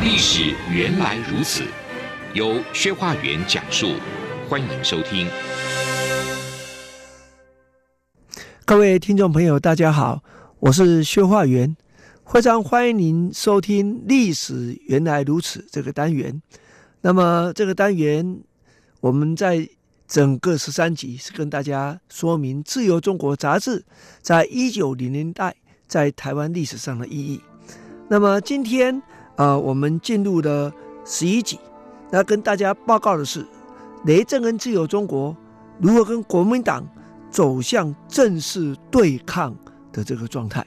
歷史原來如此，由薛化元講述，歡迎收聽。各位聽眾朋友，大家好，我是薛化元，非常歡迎您收聽《歷史原來如此》這個單元。那麼，這個單元我們在整個十三集是跟大家說明《自由中國》雜誌在一九五零年代在台灣歷史上的意義。那麼今天。啊、呃，我們進入了十一集，那跟大家報告的是，雷震跟自由中國如何跟國民黨走向正式對抗的這個狀態。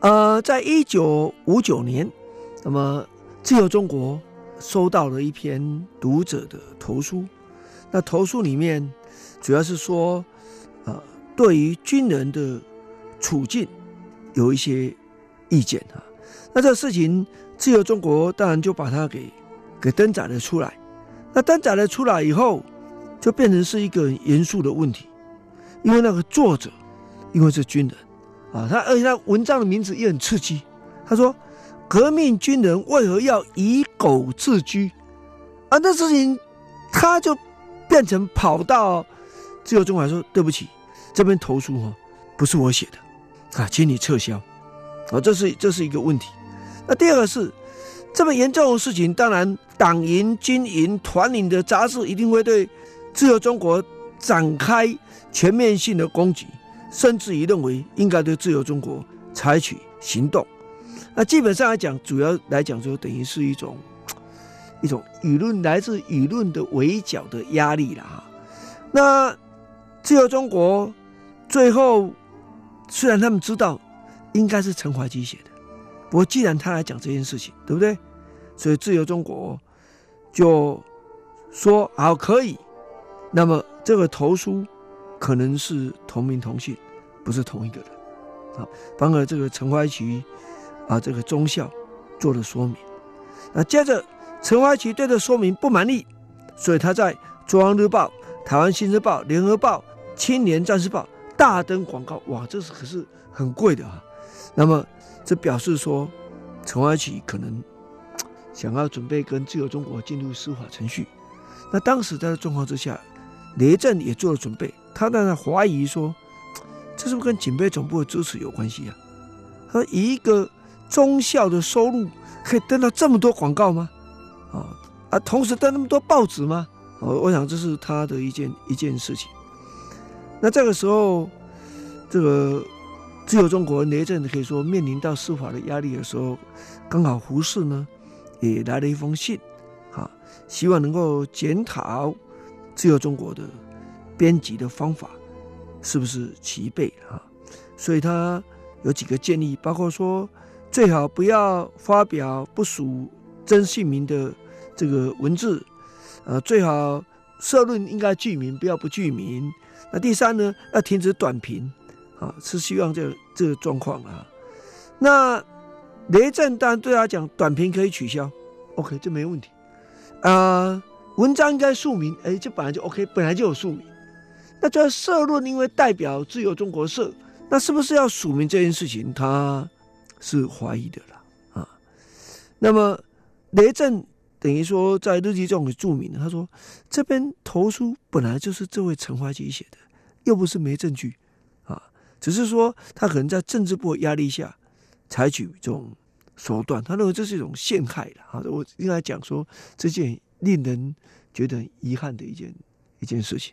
呃，在一九五九年，那麼自由中國。收到了一篇讀者的投書，那投書裡面主要是說，呃，對於軍人的處境有一些意見啊，那這個事情自由中國當然就把它給給登載了出來。那登載了出來以後，就變成是一個很嚴肅的問題，因為那個作者因為是軍人啊，他而且他文章的名字也很刺激，他說。革命軍人為何要以狗自居？啊，那事情，他就變成跑到自由中國來說：“對不起，這篇投書哈不是我寫的，啊，請你撤銷。”啊，這是這是一個問題。那第二個是這麼嚴重的事情，當然黨營軍營團營的雜誌一定會對自由中國展開全面性的攻擊，甚至於認為應該對自由中國採取行動。那基本上來講，主要來講就等於是一種一種輿論，來自輿論的圍剿的壓力了哈，那自由中國最後雖然他們知道應該是陳懷奇寫的，不過既然他來講這件事情，對不對？所以自由中國就說好可以，那麼這個投書可能是同名同姓，不是同一個人啊。反而這個陳懷奇。啊，這個中校做了說明啊。那接着，陳懷琪對這說明不滿意，所以他在《中央日報》《台灣新生報》《聯合報》《青年戰士報》大登廣告。哇，這是可是很貴的啊。那麼，這表示說，陳懷琪可能想要準備跟自由中國進入司法程序。那當時在這狀況之下，雷震也做了準備。他當然懷疑說，這是不是跟警備總部的支持有關係啊，他一個。忠孝的收入可以登到這麼多廣告嗎？啊啊，同時登那麼多報紙嗎？我、啊、我想這是他的一件一件事情。那這個時候，這個自由中國雷震，可以說面臨到司法的壓力的時候，剛好胡適呢也來了一封信，啊，希望能夠檢討自由中國的編輯的方法是不是齊備啊？所以他有幾個建議，包括說。最好不要發表不署真姓名的這個文字，啊，最好社論應該具名，不要不具名。那第三呢，要停止短評，啊，是希望這這個狀況、這個、啊。那雷震當然對他講，短評可以取消，OK，這沒問題。啊，文章應該署名，哎、欸，這本來就 OK，本來就有署名。那這社論因為代表自由中國社，那是不是要署名這件事情？他是懷疑的了啊，那麼雷震等於說在日記中也註明了，他說，這篇投書本來就是這位陳懷吉寫的，又不是沒證據啊，只是說他可能在政治部的壓力下採取這種手段，他認為這是一種陷害的啊，我應該講說這件令人覺得遺憾的一件一件事情。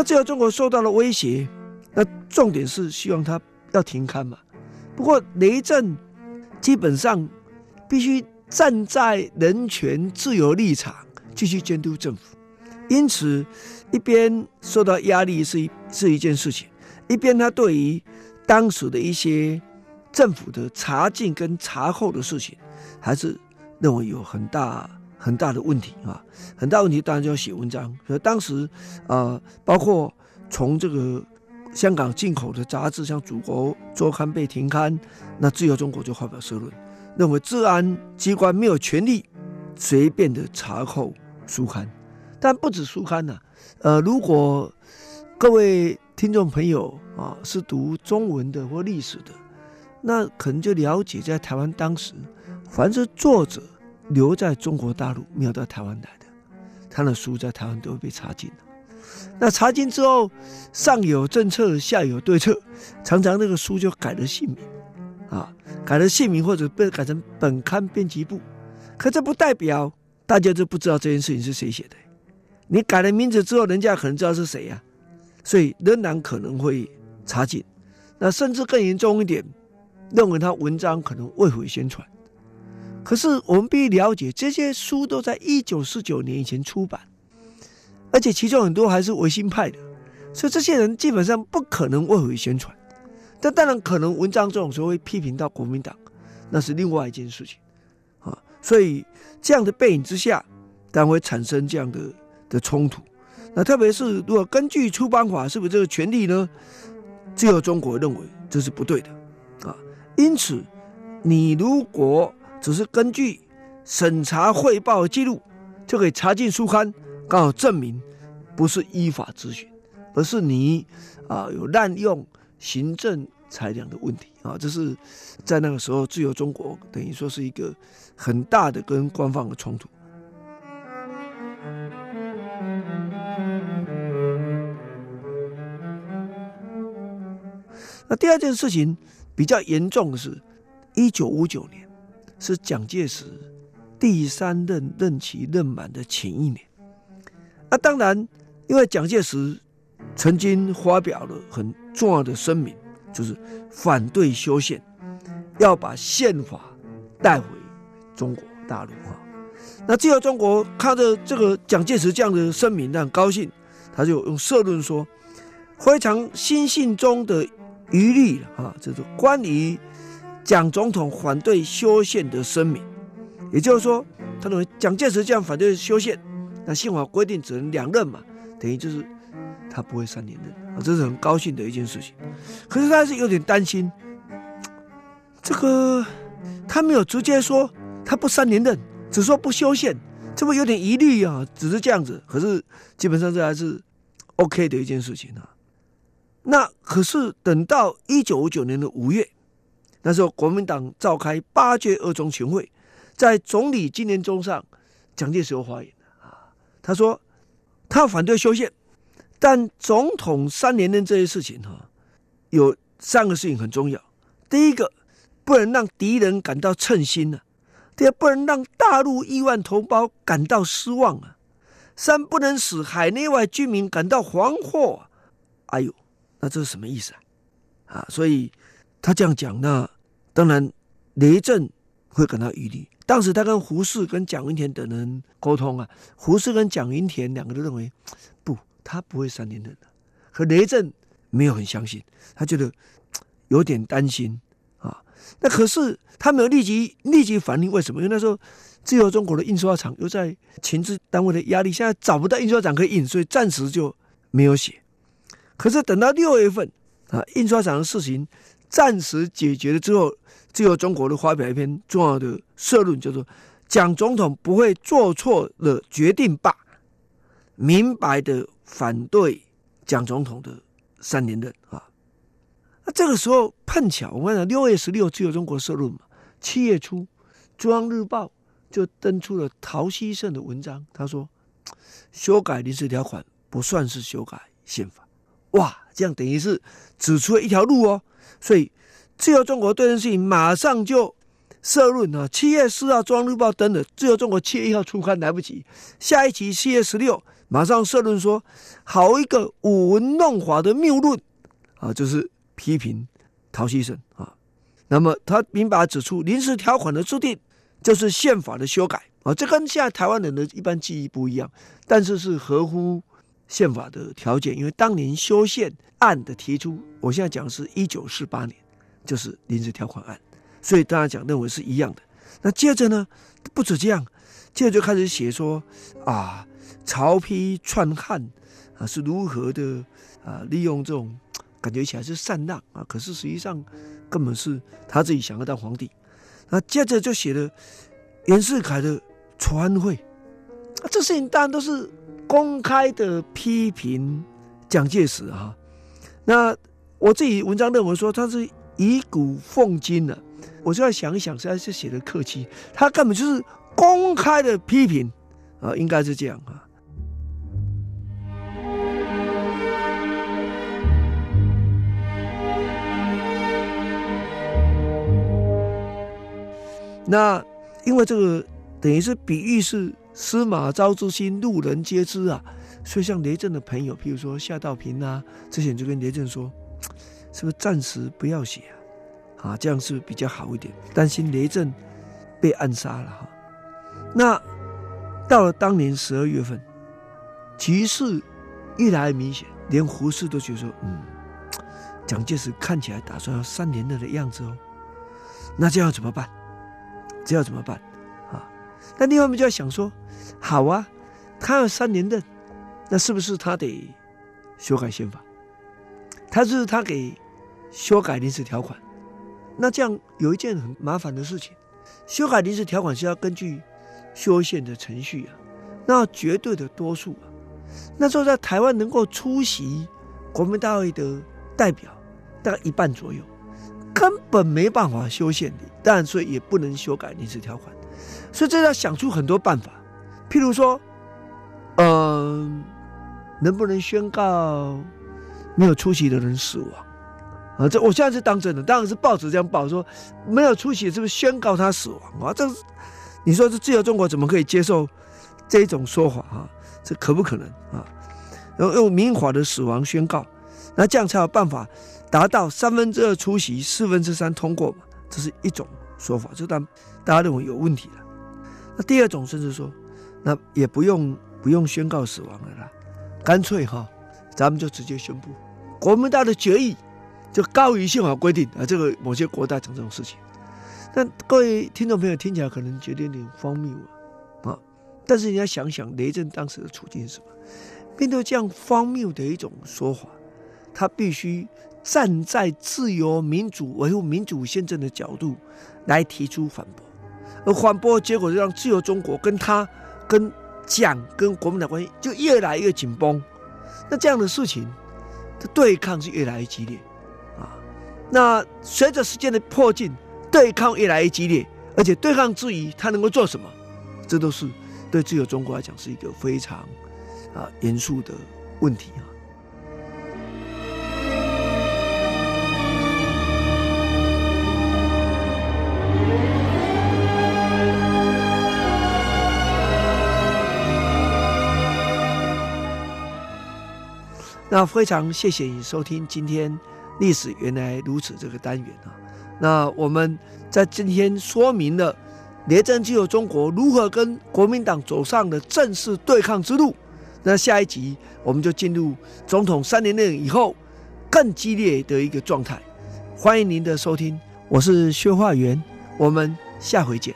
最後，自由中國受到了威脅，那重點是希望他要停刊嘛。不過雷震，基本上必須站在人權自由立場繼續監督政府，因此一邊受到壓力是一是一件事情，一邊他對於當時的一些政府的查禁跟查扣的事情，還是認為有很大。很大的問題啊，很大問題，當然就要寫文章。所以當時啊、呃，包括從這個香港進口的雜誌，像《祖國》周刊被停刊，那《自由中國》就發表社論，認為治安機關沒有權利隨便的查扣書刊。但不止書刊呢、啊，呃，如果各位聽眾朋友啊是讀中文的或歷史的，那可能就了解，在台灣當時，凡是作者。留在中國大陸沒有到台灣來的，他的書在台灣都會被查禁的。那查禁之後，上有政策，下有對策，常常那個書就改了姓名，啊，改了姓名或者被改成本刊編輯部。可這不代表大家就不知道這件事情是誰寫的。你改了名字之後，人家可能知道是誰呀、啊，所以仍然可能會查禁。那甚至更嚴重一點，認為他文章可能為匪宣傳。可是我們必須了解，這些書都在一九四九年以前出版，而且其中很多還是維新派的，所以這些人基本上不可能為匪宣傳。但當然可能文章這種時候會批評到國民黨，那是另外一件事情啊。所以這樣的背景之下，當然會產生這樣的的衝突。那特別是如果根據出版法，是不是這個權利呢？自由中國認為這是不對的啊。因此，你如果只是根據審查彙報的記錄，就可以查禁書刊，剛好證明不是依法執行，而是你啊有濫用行政裁量的問題啊。這是在那個時候，自由中國等於說是一個很大的跟官方的衝突。那第二件事情比較嚴重的是，一九五九年。是蔣介石第三任任期任滿的前一年，那、啊、當然，因為蔣介石曾經發表了很重要的聲明，就是反對修憲，要把憲法帶回中國大陸哈、啊。那自由中國看着這個蔣介石這樣的聲明，當很高興，他就用社論說，非常心性中的餘慮啊，就是關於。蔣總統反對修憲的聲明，也就是說，他認為蔣介石這樣反對修憲，那憲法規定只能兩任嘛，等於就是他不會三連任，啊，這是很高興的一件事情。可是他還是有點擔心，這個他沒有直接說他不三連任，只說不修憲，這不有點疑慮啊，只是這樣子，可是基本上這還是 OK 的一件事情啊。那可是等到一九五九年的五月。那時候國民黨召開八屆二中全會，在總理紀念週上，蔣介石有發言啊。他說，他反對修憲，但總統三連任這些事情哈、啊，有三個事情很重要。第一個，不能讓敵人感到稱心啊，第二，不能讓大陸億萬同胞感到失望啊。三，不能使海內外居民感到惶惑、啊。哎呦，那這是什麼意思啊？啊，所以。他這樣講，那當然雷震會感到疑慮。當時他跟胡適、跟蔣雲田等人溝通啊，胡適跟蔣雲田兩個都認為不，他不會三聯的。可雷震沒有很相信，他覺得有點擔心啊。那可是他沒有立即立即反應，為什麼？因為那時候自由中國的印刷廠又在情治單位的壓力，現在找不到印刷廠可以印，所以暫時就沒有寫。可是等到六月份啊，印刷廠的事情。暫時解決了之後，自由中國的發表一篇重要的社論，叫做“蔣總統不會做錯的決定吧”，明白的反對蔣總統的三年論啊。那這個時候碰巧，我們看到六月十六自由中國社論嘛，七月初《中央日報》就登出了陶希聖的文章，他說：“修改臨時條款不算是修改憲法。”哇，這樣等於是指出了一條路哦，所以《自由中國》對這事馬上就社論啊，七月四號《中央日報》登的《自由中國》七月一號出刊來不及，下一期七月十六馬上社論說，好一個舞文弄法的謬論啊，就是批評陶希聖啊。那麼他明白指出，臨時條款的制定就是憲法的修改啊，這跟現在台灣人的一般記憶不一樣，但是是合乎。憲法的條件，因為當年修憲案的提出，我現在講的是一九四八年，就是臨時條款案，所以大家講認為是一樣的。那接着呢，不止這樣，接着就開始寫說啊，曹丕篡漢啊是如何的啊利用這種感覺起來是禪讓啊，可是實際上根本是他自己想要當皇帝。那接着就寫了袁世凱的篡位，啊，這事情當然都是。公開的批評蔣介石啊，那我自己文章認為說他是以古諷今的，啊，我就要想一想，實在是不是寫的客氣？他根本就是公開的批評，啊，應該是這樣啊。那因為這個等於是比喻是。司馬昭之心，路人皆知啊。所以，像雷震的朋友，譬如說夏道平啊，之前就跟雷震說：“是不是暫時不要寫啊？啊，這樣是，是比較好一點。”擔心雷震被暗殺了哈。那到了當年十二月份，局勢越來越明顯，連胡適都覺得說：“嗯，蔣介石看起來打算要三連的樣子哦。”那這要怎麼辦？這要怎麼辦？那另外我們就要想說，好啊，他要三年的，那是不是他得修改憲法？他就是他給修改臨時條款。那這樣有一件很麻煩的事情，修改臨時條款是要根據修憲的程序啊，那絕對的多數啊。那時候在台灣能夠出席國民大會的代表大概一半左右，根本沒辦法修憲的，當然，所以也不能修改臨時條款。所以，這要想出很多辦法，譬如說，嗯、呃，能不能宣告沒有出席的人死亡？啊，這我現在是當真的，當然是報紙這樣報說，沒有出席是不是宣告他死亡啊？這你說這自由中國怎麼可以接受這一種說法啊，這可不可能啊？用用民法的死亡宣告，那這樣才有辦法達到三分之二出席，四分之三通過嘛？這是一種。說法，就當大家認為有問題了。那第二種，甚至說，那也不用不用宣告死亡了啦，乾脆哈、哦，咱們就直接宣布，國民黨的決議就高於憲法規定啊。這個某些國大整這種事情，那各位聽眾朋友聽起來可能覺得有點荒謬啊、哦。但是你要想想，雷震當時的處境是什麼？面對這樣荒謬的一種說法，他必須站在自由民主、維護民主憲政的角度。來提出反駁，而反駁結果就讓自由中國跟他、跟蔣、跟國民黨關係就越來越緊繃。那這樣的事情，這對抗是越來越激烈啊。那隨着時間的迫近，對抗越來越激烈，而且對抗之餘他能夠做什麼？這都是對自由中國來講是一個非常啊嚴肅的問題啊。那非常謝謝你收聽今天《歷史原來如此》這個單元啊。那我們在今天說明了，雷震與《自由中國》如何跟國民黨走上了正式對抗之路。那下一集我們就進入總統三連任以後更激烈的一個狀態。歡迎您的收聽，我是薛化元，我們下回見。